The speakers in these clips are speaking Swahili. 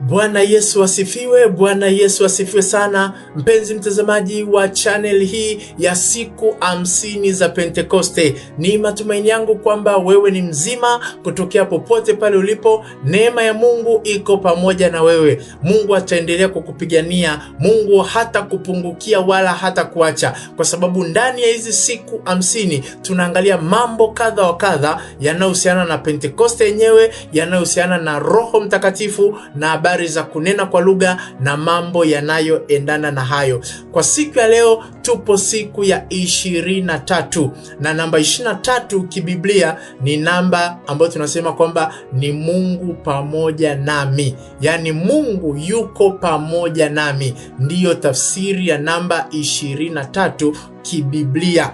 Bwana Yesu asifiwe! Bwana Yesu asifiwe sana, mpenzi mtazamaji wa channel hii ya siku hamsini za Pentekoste. Ni matumaini yangu kwamba wewe ni mzima kutokea popote pale ulipo. Neema ya Mungu iko pamoja na wewe. Mungu ataendelea kukupigania, Mungu hata kupungukia wala hata kuacha, kwa sababu ndani ya hizi siku hamsini tunaangalia mambo kadha wa kadha yanayohusiana na Pentekoste yenyewe, yanayohusiana na Roho Mtakatifu na habari za kunena kwa lugha na mambo yanayoendana na hayo. Kwa siku ya leo tupo siku ya 23 na na namba 23 kibiblia ni namba ambayo tunasema kwamba ni Mungu pamoja nami, yaani Mungu yuko pamoja nami, ndiyo tafsiri ya namba 23 kibiblia.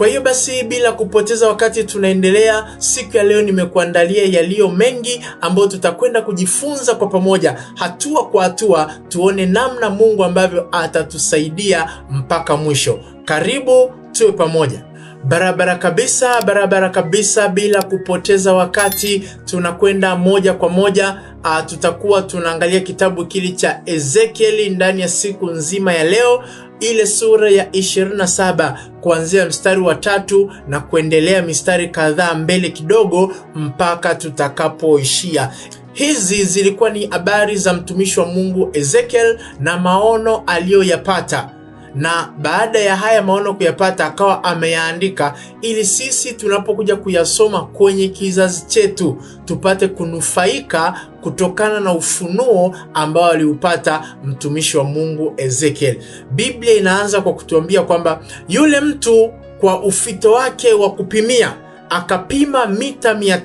Kwa hiyo basi, bila kupoteza wakati, tunaendelea. Siku ya leo nimekuandalia yaliyo mengi ambayo tutakwenda kujifunza kwa pamoja, hatua kwa hatua, tuone namna Mungu ambavyo atatusaidia mpaka mwisho. Karibu tuwe pamoja. Barabara kabisa, barabara kabisa. Bila kupoteza wakati, tunakwenda moja kwa moja. A, ah, tutakuwa tunaangalia kitabu kile cha Ezekieli ndani ya siku nzima ya leo ile sura ya 27 kuanzia mstari wa tatu na kuendelea mistari kadhaa mbele kidogo mpaka tutakapoishia. Hizi zilikuwa ni habari za mtumishi wa Mungu Ezekiel na maono aliyoyapata na baada ya haya maono kuyapata akawa ameyaandika ili sisi tunapokuja kuyasoma kwenye kizazi chetu tupate kunufaika kutokana na ufunuo ambao aliupata mtumishi wa Mungu Ezekiel. Biblia inaanza kwa kutuambia kwamba yule mtu kwa ufito wake wa kupimia akapima mita mia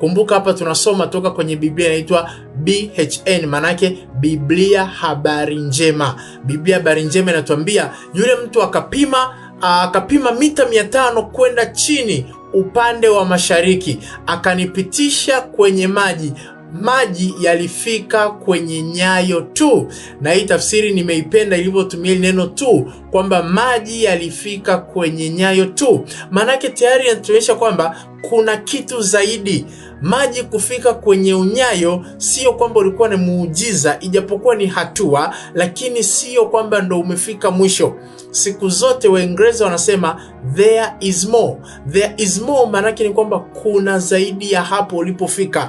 Kumbuka hapa tunasoma toka kwenye Biblia inaitwa BHN, manake Biblia habari njema. Biblia habari njema inatuambia yule mtu akapima akapima mita mia tano kwenda chini upande wa mashariki, akanipitisha kwenye maji maji yalifika kwenye nyayo tu, na hii tafsiri nimeipenda ilivyotumia neno tu, kwamba maji yalifika kwenye nyayo tu, maanake tayari yanatuonyesha kwamba kuna kitu zaidi. Maji kufika kwenye unyayo sio kwamba ulikuwa ni muujiza, ijapokuwa ni hatua, lakini sio kwamba ndo umefika mwisho. Siku zote Waingereza wanasema there is more, there is more, maanake ni kwamba kuna zaidi ya hapo ulipofika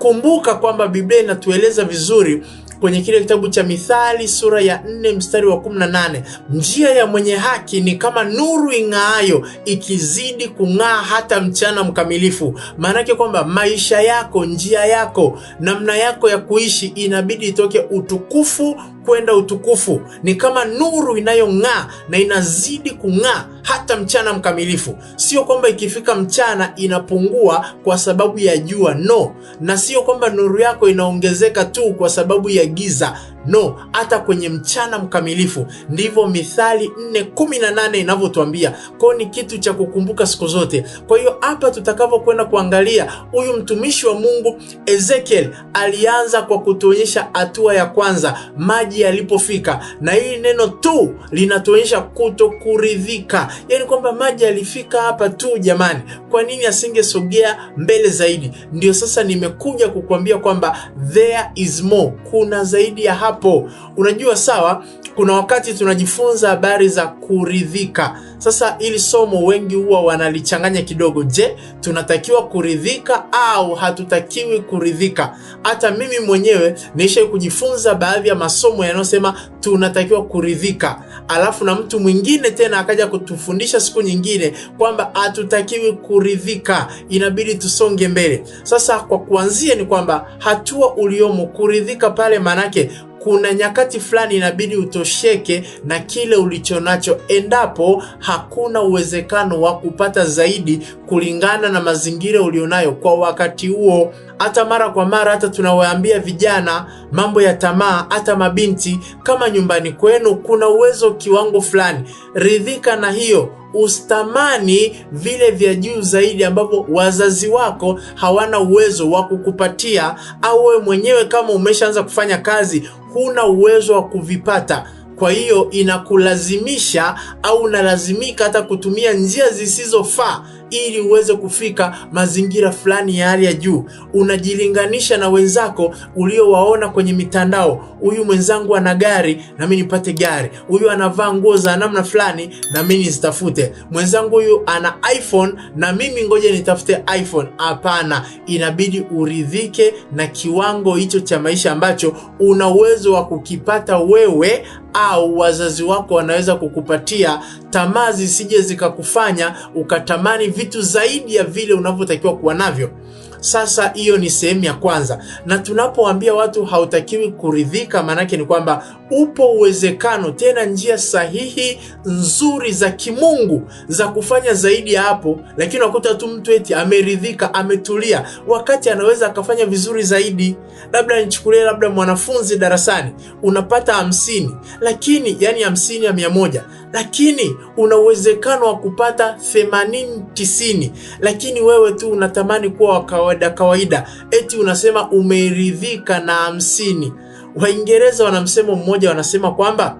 Kumbuka kwamba Biblia inatueleza vizuri kwenye kile kitabu cha Mithali sura ya 4 mstari wa 18, njia ya mwenye haki ni kama nuru ing'aayo ikizidi kung'aa hata mchana mkamilifu. Maanake kwamba maisha yako, njia yako, namna yako ya kuishi inabidi itoke utukufu kwenda utukufu ni kama nuru inayong'aa na inazidi kung'aa hata mchana mkamilifu. Sio kwamba ikifika mchana inapungua kwa sababu ya jua, no, na sio kwamba nuru yako inaongezeka tu kwa sababu ya giza no hata kwenye mchana mkamilifu. Ndivyo Mithali 4:18 kumi na nane inavyotuambia, kwao ni kitu cha kukumbuka siku zote. Kwa hiyo hapa tutakavyokwenda kuangalia, huyu mtumishi wa Mungu Ezekiel alianza kwa kutuonyesha hatua ya kwanza, maji yalipofika, na hili neno tu linatuonyesha kutokuridhika, yaani kwamba maji yalifika hapa tu. Jamani, kwa nini asingesogea mbele zaidi? Ndio sasa nimekuja kukuambia kwamba there is more, kuna zaidi ya hapa hapo. Unajua sawa, kuna wakati tunajifunza habari za kuridhika sasa ili somo wengi huwa wanalichanganya kidogo. Je, tunatakiwa kuridhika au hatutakiwi kuridhika? Hata mimi mwenyewe niishe kujifunza baadhi ya masomo yanayosema tunatakiwa kuridhika, alafu na mtu mwingine tena akaja kutufundisha siku nyingine kwamba hatutakiwi kuridhika, inabidi tusonge mbele. Sasa kwa kuanzia ni kwamba hatua uliomo kuridhika pale, manake kuna nyakati fulani inabidi utosheke na kile ulichonacho endapo hakuna uwezekano wa kupata zaidi kulingana na mazingira ulionayo kwa wakati huo. Hata mara kwa mara, hata tunawaambia vijana mambo ya tamaa, hata mabinti, kama nyumbani kwenu kuna uwezo kiwango fulani, ridhika na hiyo ustamani vile vya juu zaidi ambavyo wazazi wako hawana uwezo wa kukupatia, au wewe mwenyewe kama umeshaanza kufanya kazi huna uwezo wa kuvipata. Kwa hiyo inakulazimisha au unalazimika hata kutumia njia zisizofaa ili uweze kufika mazingira fulani ya hali ya juu. Unajilinganisha na wenzako uliowaona kwenye mitandao, huyu mwenzangu ana gari na mimi nipate gari, huyu anavaa nguo za namna fulani na mimi nizitafute, mwenzangu huyu ana iPhone na mimi ngoja nitafute iPhone. Hapana, inabidi uridhike na kiwango hicho cha maisha ambacho una uwezo wa kukipata wewe au wazazi wako wanaweza kukupatia. Tamaa zisije zikakufanya ukatamani vitu zaidi ya vile unavyotakiwa kuwa navyo. Sasa hiyo ni sehemu ya kwanza, na tunapoambia watu hautakiwi kuridhika, maanake ni kwamba upo uwezekano, tena njia sahihi nzuri za kimungu za kufanya zaidi ya hapo, lakini unakuta tu mtu eti ameridhika, ametulia, wakati anaweza akafanya vizuri zaidi. Labda nichukulie, labda mwanafunzi darasani unapata hamsini, lakini yani hamsini ya mia moja lakini una uwezekano wa kupata 80 90, lakini wewe tu unatamani kuwa wa kawaida kawaida, eti unasema umeridhika na hamsini. Waingereza wana msemo mmoja, wanasema kwamba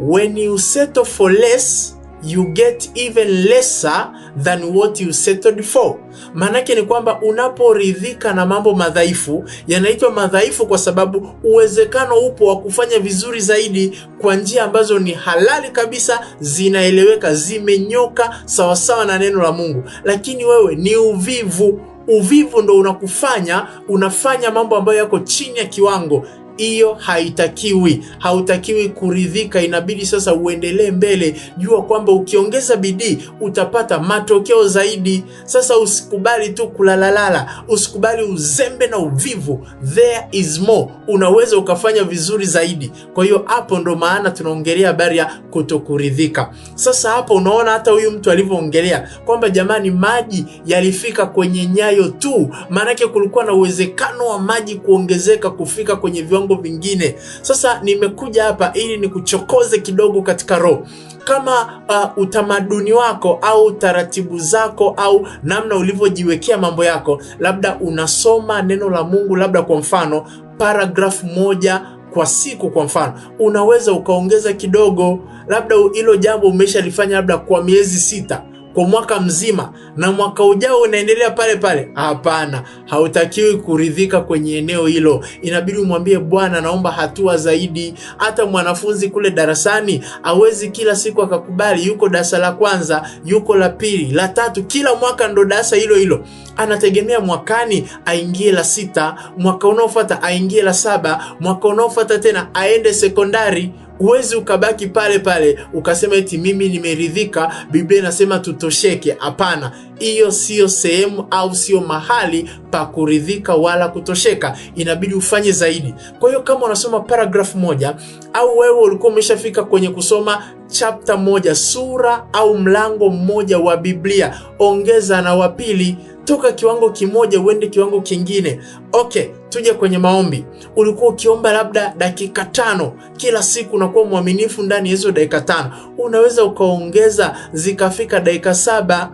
when you settle for less you get even lesser than what you settled for. Maanake ni kwamba unaporidhika na mambo madhaifu, yanaitwa madhaifu kwa sababu uwezekano upo wa kufanya vizuri zaidi kwa njia ambazo ni halali kabisa, zinaeleweka, zimenyoka sawasawa na neno la Mungu, lakini wewe ni uvivu. Uvivu ndo unakufanya unafanya mambo ambayo yako chini ya kiwango hiyo haitakiwi, hautakiwi kuridhika, inabidi sasa uendelee mbele. Jua kwamba ukiongeza bidii utapata matokeo zaidi. Sasa usikubali tu kulalalala, usikubali uzembe na uvivu. There is more, unaweza ukafanya vizuri zaidi. Kwa hiyo hapo ndo maana tunaongelea habari ya kutokuridhika. Sasa hapo unaona hata huyu mtu alivyoongelea kwamba jamani, maji yalifika kwenye nyayo tu, maanake kulikuwa na uwezekano wa maji kuongezeka kufika kwenye viwango mambo vingine Sasa nimekuja hapa ili nikuchokoze kidogo katika roho kama uh, utamaduni wako au taratibu zako au namna ulivyojiwekea mambo yako, labda unasoma neno la Mungu, labda kwa mfano paragrafu moja kwa siku, kwa mfano unaweza ukaongeza kidogo, labda hilo jambo umeshalifanya labda kwa miezi sita kwa mwaka mzima na mwaka ujao unaendelea pale pale, hapana, hautakiwi kuridhika kwenye eneo hilo. Inabidi umwambie Bwana, naomba hatua zaidi. Hata mwanafunzi kule darasani awezi kila siku akakubali, yuko darasa la kwanza, yuko la pili, la tatu, kila mwaka ndo darasa hilo hilo. Anategemea mwakani aingie la sita, mwaka unaofuata aingie la saba, mwaka unaofuata tena aende sekondari. Uwezi ukabaki pale pale ukasema eti mimi nimeridhika, Biblia inasema tutosheke. Hapana, hiyo siyo sehemu au sio mahali pa kuridhika wala kutosheka, inabidi ufanye zaidi. Kwa hiyo kama unasoma paragraph moja au wewe ulikuwa umeshafika kwenye kusoma chapta moja, sura au mlango mmoja wa Biblia, ongeza na wapili pili toka kiwango kimoja uende kiwango kingine. Okay, tuje kwenye maombi. Ulikuwa ukiomba labda dakika tano kila siku, unakuwa mwaminifu ndani ya hizo dakika tano, unaweza ukaongeza zikafika dakika saba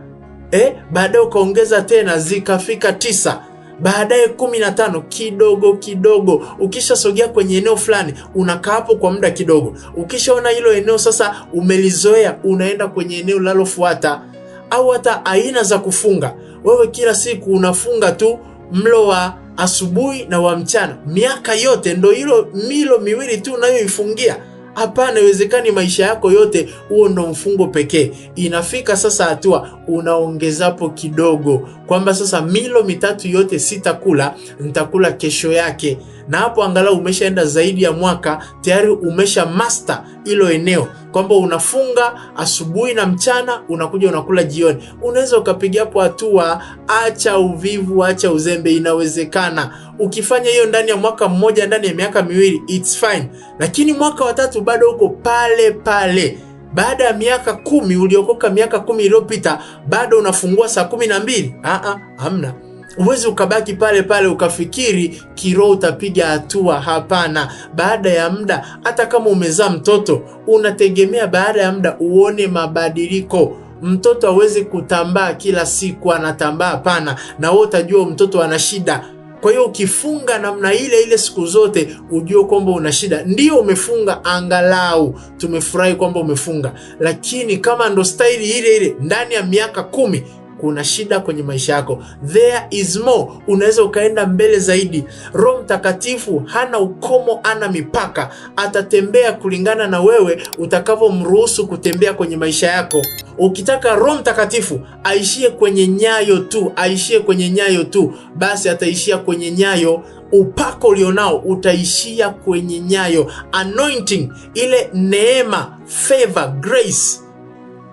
eh, baadaye ukaongeza tena zikafika tisa baadaye kumi na tano kidogo kidogo. Ukishasogea kwenye eneo fulani, unakaa hapo kwa muda kidogo. Ukishaona hilo eneo sasa umelizoea, unaenda kwenye eneo linalofuata, au hata aina za kufunga wewe kila siku unafunga tu mlo wa asubuhi na wa mchana miaka yote, ndo hilo milo miwili tu unayoifungia? Hapana, iwezekani maisha yako yote huo ndo mfungo pekee. Inafika sasa hatua unaongezapo kidogo, kwamba sasa milo mitatu yote sitakula, nitakula kesho yake na hapo angalau umeshaenda zaidi ya mwaka tayari, umesha master ilo eneo kwamba unafunga asubuhi na mchana, unakuja unakula jioni. Unaweza ukapiga hapo hatua. Acha uvivu, acha uzembe, inawezekana. Ukifanya hiyo ndani ya mwaka mmoja, ndani ya miaka miwili, it's fine, lakini mwaka wa tatu bado uko pale pale baada ya miaka kumi uliokoka miaka kumi iliyopita bado unafungua saa kumi na mbili. Ah, ah, hamna. Huwezi ukabaki pale pale ukafikiri kiroho utapiga hatua. Hapana, baada ya muda, hata kama umezaa mtoto, unategemea baada ya muda uone mabadiliko. Mtoto awezi kutambaa kila siku anatambaa, hapana, na wewe utajua mtoto ana shida. Kwa hiyo ukifunga namna ile ile siku zote, ujue kwamba una shida. Ndio umefunga, angalau tumefurahi kwamba umefunga, lakini kama ndo staili ile ile ndani ya miaka kumi kuna shida kwenye maisha yako, there is more, unaweza ukaenda mbele zaidi. Roho Mtakatifu hana ukomo, ana mipaka, atatembea kulingana na wewe utakavyomruhusu kutembea kwenye maisha yako. Ukitaka Roho Mtakatifu aishie kwenye nyayo tu, aishie kwenye nyayo tu, basi ataishia kwenye nyayo upako ulionao utaishia kwenye nyayo. Anointing, ile neema, favor, grace,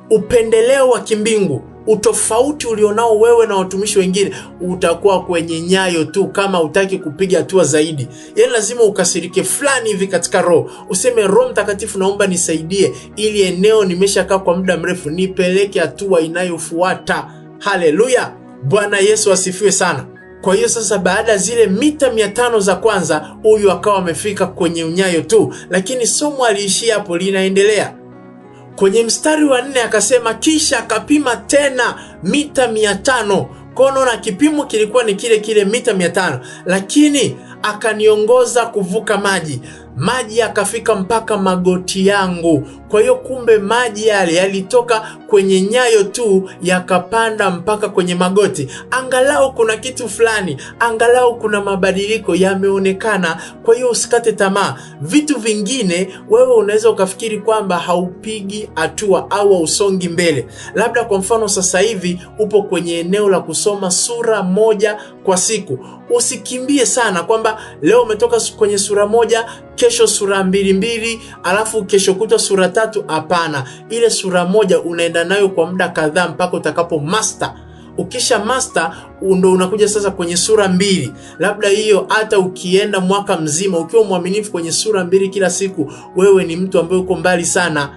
upendeleo wa kimbingu utofauti ulionao wewe na watumishi wengine utakuwa kwenye nyayo tu, kama utaki kupiga hatua zaidi. yani lazima ukasirike fulani hivi katika roho, useme Roho Mtakatifu, naomba nisaidie, ili eneo nimeshakaa kwa muda mrefu, nipeleke hatua inayofuata. Haleluya, Bwana Yesu asifiwe sana. Kwa hiyo sasa, baada ya zile mita mia tano za kwanza, huyu akawa amefika kwenye unyayo tu, lakini somo aliishia hapo, linaendelea. Kwenye mstari wa nne akasema, kisha akapima tena mita mia tano kono na kipimo kilikuwa ni kile kile mita mia tano lakini akaniongoza kuvuka maji maji yakafika mpaka magoti yangu. Kwa hiyo kumbe maji yale yalitoka kwenye nyayo tu yakapanda mpaka kwenye magoti. Angalau kuna kitu fulani, angalau kuna mabadiliko yameonekana. Kwa hiyo usikate tamaa. Vitu vingine wewe unaweza ukafikiri kwamba haupigi hatua au hausongi mbele, labda kwa mfano sasa hivi upo kwenye eneo la kusoma sura moja kwa siku. Usikimbie sana kwamba leo umetoka kwenye sura moja kesho sura mbili mbili, alafu kesho kutwa sura tatu. Hapana, ile sura moja unaenda nayo kwa muda kadhaa mpaka utakapo master. Ukisha master ndo unakuja sasa kwenye sura mbili. Labda hiyo hata ukienda mwaka mzima ukiwa mwaminifu kwenye sura mbili kila siku, wewe ni mtu ambaye uko mbali sana.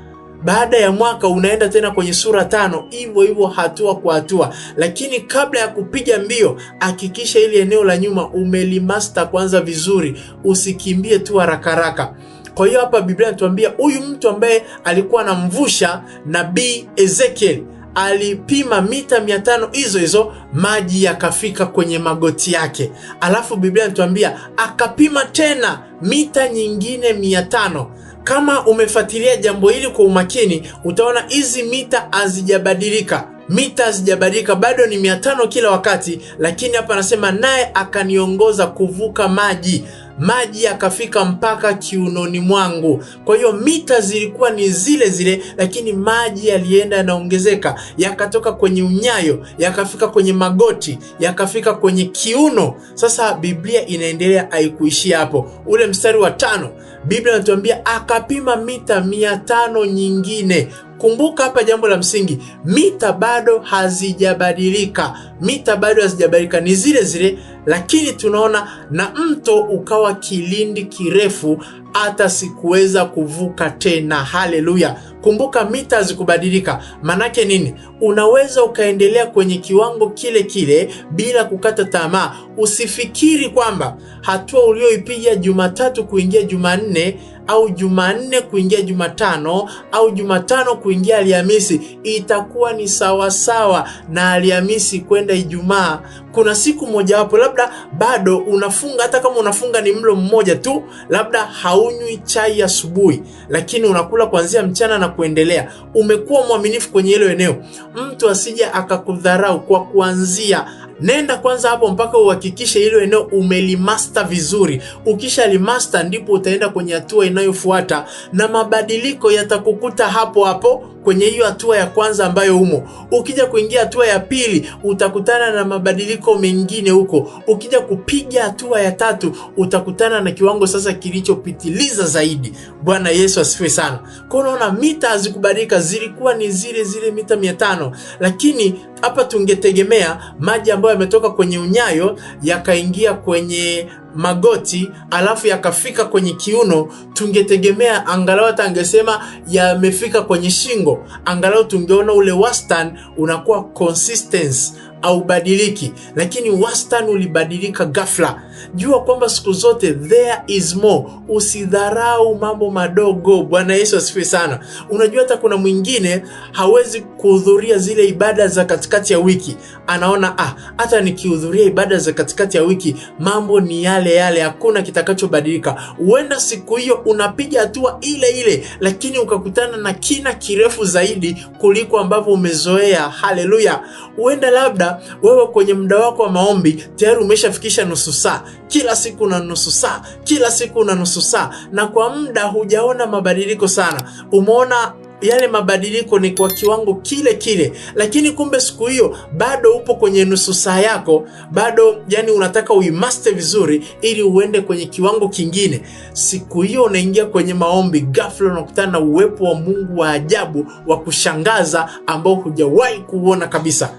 Baada ya mwaka unaenda tena kwenye sura tano, hivyo hivyo hatua kwa hatua. Lakini kabla ya kupiga mbio, hakikisha ili eneo la nyuma umelimasta kwanza vizuri, usikimbie tu haraka haraka. Kwa hiyo hapa Biblia inatuambia huyu mtu ambaye alikuwa anamvusha nabii Ezekiel alipima mita mia tano hizo hizo, maji yakafika kwenye magoti yake. Alafu Biblia inatuambia akapima tena mita nyingine mia tano kama umefuatilia jambo hili kwa umakini, utaona hizi mita hazijabadilika mita hazijabadilika, bado ni 500 kila wakati, lakini hapa anasema naye akaniongoza kuvuka maji maji yakafika mpaka kiunoni mwangu. Kwa hiyo mita zilikuwa ni zile zile, lakini maji yalienda yanaongezeka, yakatoka kwenye unyayo, yakafika kwenye magoti, yakafika kwenye kiuno. Sasa Biblia inaendelea, haikuishia hapo. Ule mstari wa tano, Biblia inatuambia akapima mita mia tano nyingine Kumbuka hapa jambo la msingi, mita bado hazijabadilika, mita bado hazijabadilika, ni zile zile, lakini tunaona na mto ukawa kilindi kirefu, hata sikuweza kuvuka tena. Haleluya! Kumbuka mita hazikubadilika. Manake nini? Unaweza ukaendelea kwenye kiwango kile kile bila kukata tamaa. Usifikiri kwamba hatua ulioipiga Jumatatu kuingia Jumanne au Jumanne kuingia Jumatano au Jumatano kuingia Alhamisi itakuwa ni sawasawa na Alhamisi kwenda Ijumaa kuna siku mojawapo, labda bado unafunga, hata kama unafunga ni mlo mmoja tu, labda haunywi chai asubuhi, lakini unakula kuanzia mchana na kuendelea, umekuwa mwaminifu kwenye hilo eneo, mtu asije akakudharau kwa kuanzia nenda kwanza hapo mpaka uhakikishe hilo eneo umelimasta vizuri. Ukisha limasta ndipo utaenda kwenye hatua inayofuata, na mabadiliko yatakukuta hapo hapo kwenye hiyo hatua ya kwanza ambayo umo. Ukija kuingia hatua ya pili utakutana na mabadiliko mengine huko. Ukija kupiga hatua ya tatu utakutana na kiwango sasa kilichopitiliza zaidi. Bwana Yesu asifiwe sana. Kwa unaona mita hazikubadilika, zilikuwa ni zile zile mita mia tano, lakini hapa tungetegemea maji ambayo yametoka kwenye unyayo yakaingia kwenye magoti alafu yakafika kwenye kiuno, tungetegemea angalau hata angesema yamefika kwenye shingo, angalau tungeona ule wastani unakuwa consistency haubadiliki, lakini wastani ulibadilika ghafla. Jua kwamba siku zote there is more. Usidharau mambo madogo. Bwana Yesu asifiwe sana. Unajua, hata kuna mwingine hawezi kuhudhuria zile ibada za katikati ya wiki, anaona ah, hata nikihudhuria ibada za katikati ya wiki mambo ni yale yale, hakuna kitakachobadilika. Huenda siku hiyo unapiga hatua ile ile, lakini ukakutana na kina kirefu zaidi kuliko ambavyo umezoea. Haleluya! Huenda labda wewe kwenye muda wako wa maombi tayari umeshafikisha nusu saa, kila siku na nusu saa, kila siku na nusu saa, na kwa muda hujaona mabadiliko sana, umeona yale mabadiliko ni kwa kiwango kile kile, lakini kumbe siku hiyo bado upo kwenye nusu saa yako, bado yani unataka uimaste vizuri ili uende kwenye kiwango kingine. Siku hiyo unaingia kwenye maombi, ghafla unakutana na uwepo wa Mungu wa ajabu wa kushangaza ambao hujawahi kuona kabisa.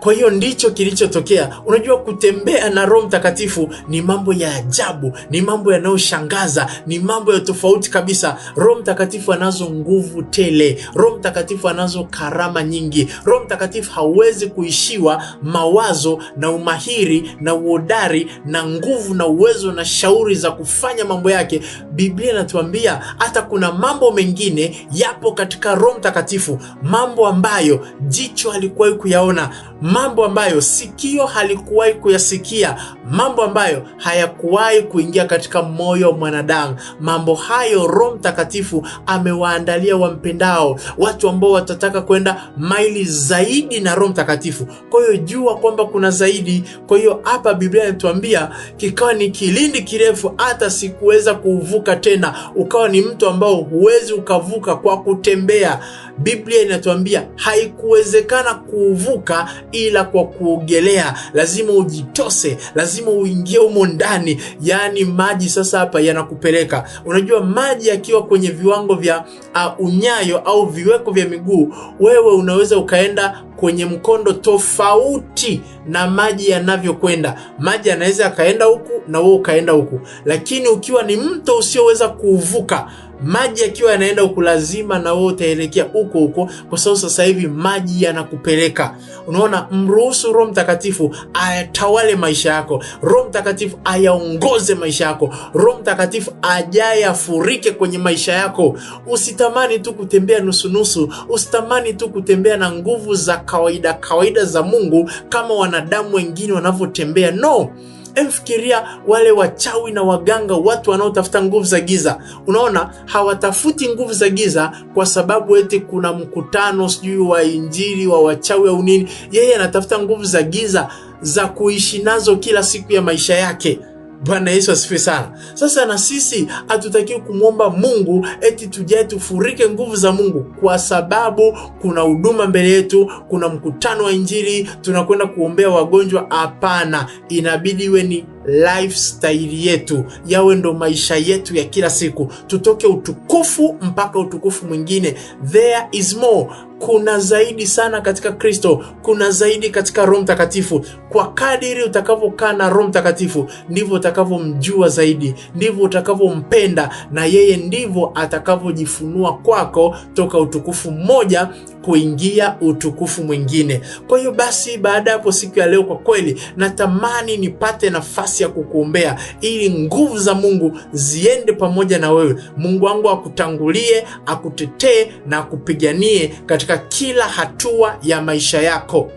Kwa hiyo ndicho kilichotokea. Unajua, kutembea na Roho Mtakatifu ni mambo ya ajabu, ni mambo yanayoshangaza, ni mambo ya tofauti kabisa. Roho Mtakatifu anazo nguvu tele, Roho Mtakatifu anazo karama nyingi. Roho Mtakatifu hauwezi kuishiwa mawazo na umahiri na uodari na nguvu na uwezo na shauri za kufanya mambo yake. Biblia inatuambia hata kuna mambo mengine yapo katika Roho Mtakatifu, mambo ambayo jicho alikuwai kuyaona mambo ambayo sikio halikuwahi kuyasikia, mambo ambayo hayakuwahi kuingia katika moyo wa mwanadamu. Mambo hayo Roho Mtakatifu amewaandalia wampendao, watu ambao watataka kwenda maili zaidi na Roho Mtakatifu. Kwa hiyo jua kwamba kuna zaidi. Kwa hiyo hapa Biblia inatuambia kikawa ni kilindi kirefu, hata sikuweza kuuvuka tena, ukawa ni mtu ambao huwezi ukavuka kwa kutembea. Biblia inatuambia haikuwezekana kuuvuka ila kwa kuogelea, lazima ujitose, lazima uingie humo ndani. Yaani maji sasa hapa yanakupeleka. Unajua maji yakiwa kwenye viwango vya uh, unyayo au viweko vya miguu, wewe unaweza ukaenda kwenye mkondo tofauti na maji yanavyokwenda. Maji yanaweza yakaenda huku na wewe ukaenda huku, lakini ukiwa ni mto usioweza kuuvuka maji yakiwa yanaenda huku, lazima na wewe utaelekea huko huko, kwa sababu sasa hivi maji yanakupeleka. Unaona, mruhusu Roho Mtakatifu ayatawale maisha yako, Roho Mtakatifu ayaongoze maisha yako, Roho Mtakatifu ajaye afurike kwenye maisha yako. Usitamani tu kutembea nusunusu, usitamani tu kutembea na nguvu za kawaida kawaida za Mungu kama wanadamu wengine wanavyotembea. No. Emfikiria wale wachawi na waganga, watu wanaotafuta nguvu za giza. Unaona, hawatafuti nguvu za giza kwa sababu eti kuna mkutano sijui wa injili wa wachawi au nini. Yeye anatafuta nguvu za giza za kuishi nazo kila siku ya maisha yake. Bwana Yesu asifiwe sana. Sasa na sisi hatutakiwi kumwomba Mungu eti tujae tufurike nguvu za Mungu, kwa sababu kuna huduma mbele yetu, kuna mkutano wa Injili, tunakwenda kuombea wagonjwa. Hapana, inabidi iwe ni lifestyle yetu, yawe ndo maisha yetu ya kila siku, tutoke utukufu mpaka utukufu mwingine. There is more, kuna zaidi sana katika Kristo, kuna zaidi katika Roho Mtakatifu. Kwa kadiri utakavyokaa na Roho Mtakatifu, ndivyo utakavyomjua zaidi, ndivyo utakavyompenda, na yeye ndivyo atakavyojifunua kwako toka utukufu mmoja kuingia utukufu mwingine. Kwa hiyo basi, baada ya hapo siku ya leo, kwa kweli natamani nipate nafasi ya kukuombea ili nguvu za Mungu ziende pamoja na wewe. Mungu wangu akutangulie, akutetee na akupiganie katika kila hatua ya maisha yako.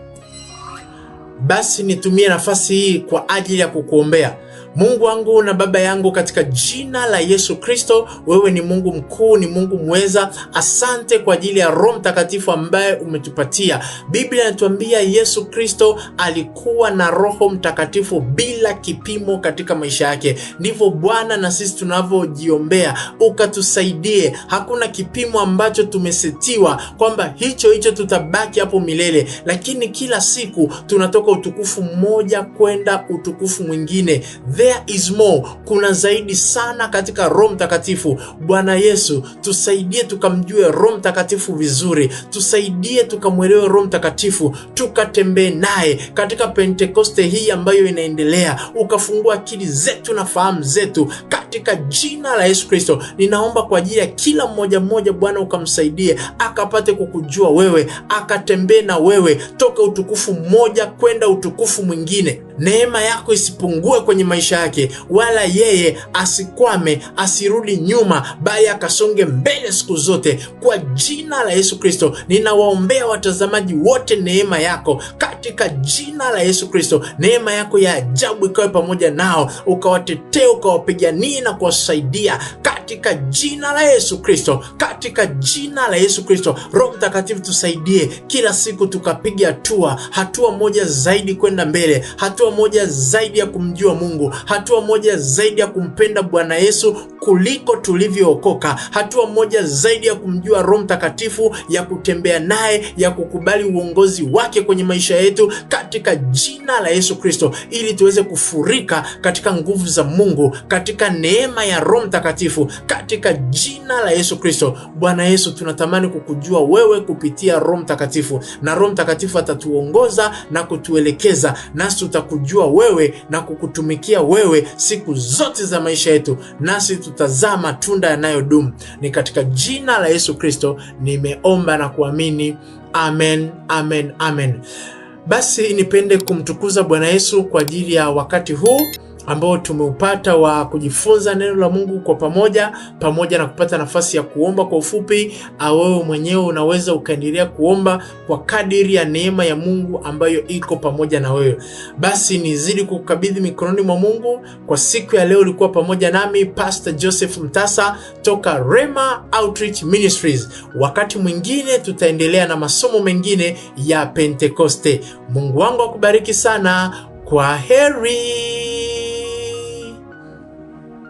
Basi nitumie nafasi hii kwa ajili ya kukuombea. Mungu wangu na Baba yangu, katika jina la Yesu Kristo, wewe ni Mungu mkuu, ni Mungu mweza. Asante kwa ajili ya Roho Mtakatifu ambaye umetupatia. Biblia inatuambia Yesu Kristo alikuwa na Roho Mtakatifu bila kipimo katika maisha yake. Ndivyo Bwana na sisi tunavyojiombea, ukatusaidie. Hakuna kipimo ambacho tumesetiwa kwamba hicho hicho tutabaki hapo milele, lakini kila siku tunatoka utukufu mmoja kwenda utukufu mwingine The There is more, kuna zaidi sana katika Roho Mtakatifu. Bwana Yesu, tusaidie tukamjue Roho Mtakatifu vizuri, tusaidie tukamwelewe Roho Mtakatifu, tukatembee naye katika Pentekoste hii ambayo inaendelea, ukafungua akili zetu na fahamu zetu katika jina la Yesu Kristo. Ninaomba kwa ajili ya kila mmoja mmoja, Bwana ukamsaidie akapate kukujua wewe, akatembee na wewe toka utukufu mmoja kwenda utukufu mwingine neema yako isipungue kwenye maisha yake, wala yeye asikwame, asirudi nyuma, bali akasonge mbele siku zote, kwa jina la Yesu Kristo. Ninawaombea watazamaji wote neema yako katika jina la Yesu Kristo, neema yako ya ajabu ikawe pamoja nao, ukawatetea ukawapiganie na kuwasaidia katika jina la Yesu Kristo, katika jina la Yesu Kristo. Roho Mtakatifu, tusaidie kila siku tukapiga hatua, hatua moja zaidi kwenda mbele, hatua hatua moja zaidi ya kumjua Mungu, hatua moja zaidi ya kumpenda Bwana Yesu kuliko tulivyookoka, hatua moja zaidi ya kumjua Roho Mtakatifu, ya kutembea naye, ya kukubali uongozi wake kwenye maisha yetu katika jina la Yesu Kristo, ili tuweze kufurika katika nguvu za Mungu, katika neema ya Roho Mtakatifu, katika jina la Yesu Kristo. Bwana Yesu, tunatamani kukujua wewe kupitia Roho Mtakatifu, na Roho Mtakatifu atatuongoza na kutuelekeza nasi tutaku kujua wewe na kukutumikia wewe siku zote za maisha yetu, nasi tutazaa matunda yanayodumu. Ni katika jina la Yesu Kristo nimeomba na kuamini, amen, amen, amen. Basi nipende kumtukuza Bwana Yesu kwa ajili ya wakati huu ambao tumeupata wa kujifunza neno la Mungu kwa pamoja, pamoja na kupata nafasi ya kuomba kwa ufupi. Wewe mwenyewe unaweza ukaendelea kuomba kwa kadiri ya neema ya Mungu ambayo iko pamoja na wewe. Basi nizidi kukabidhi mikononi mwa Mungu kwa siku ya leo. Ulikuwa pamoja nami Pastor Joseph Mtasa toka Rema Outreach Ministries. Wakati mwingine tutaendelea na masomo mengine ya Pentekoste. Mungu wangu akubariki sana. Kwa heri.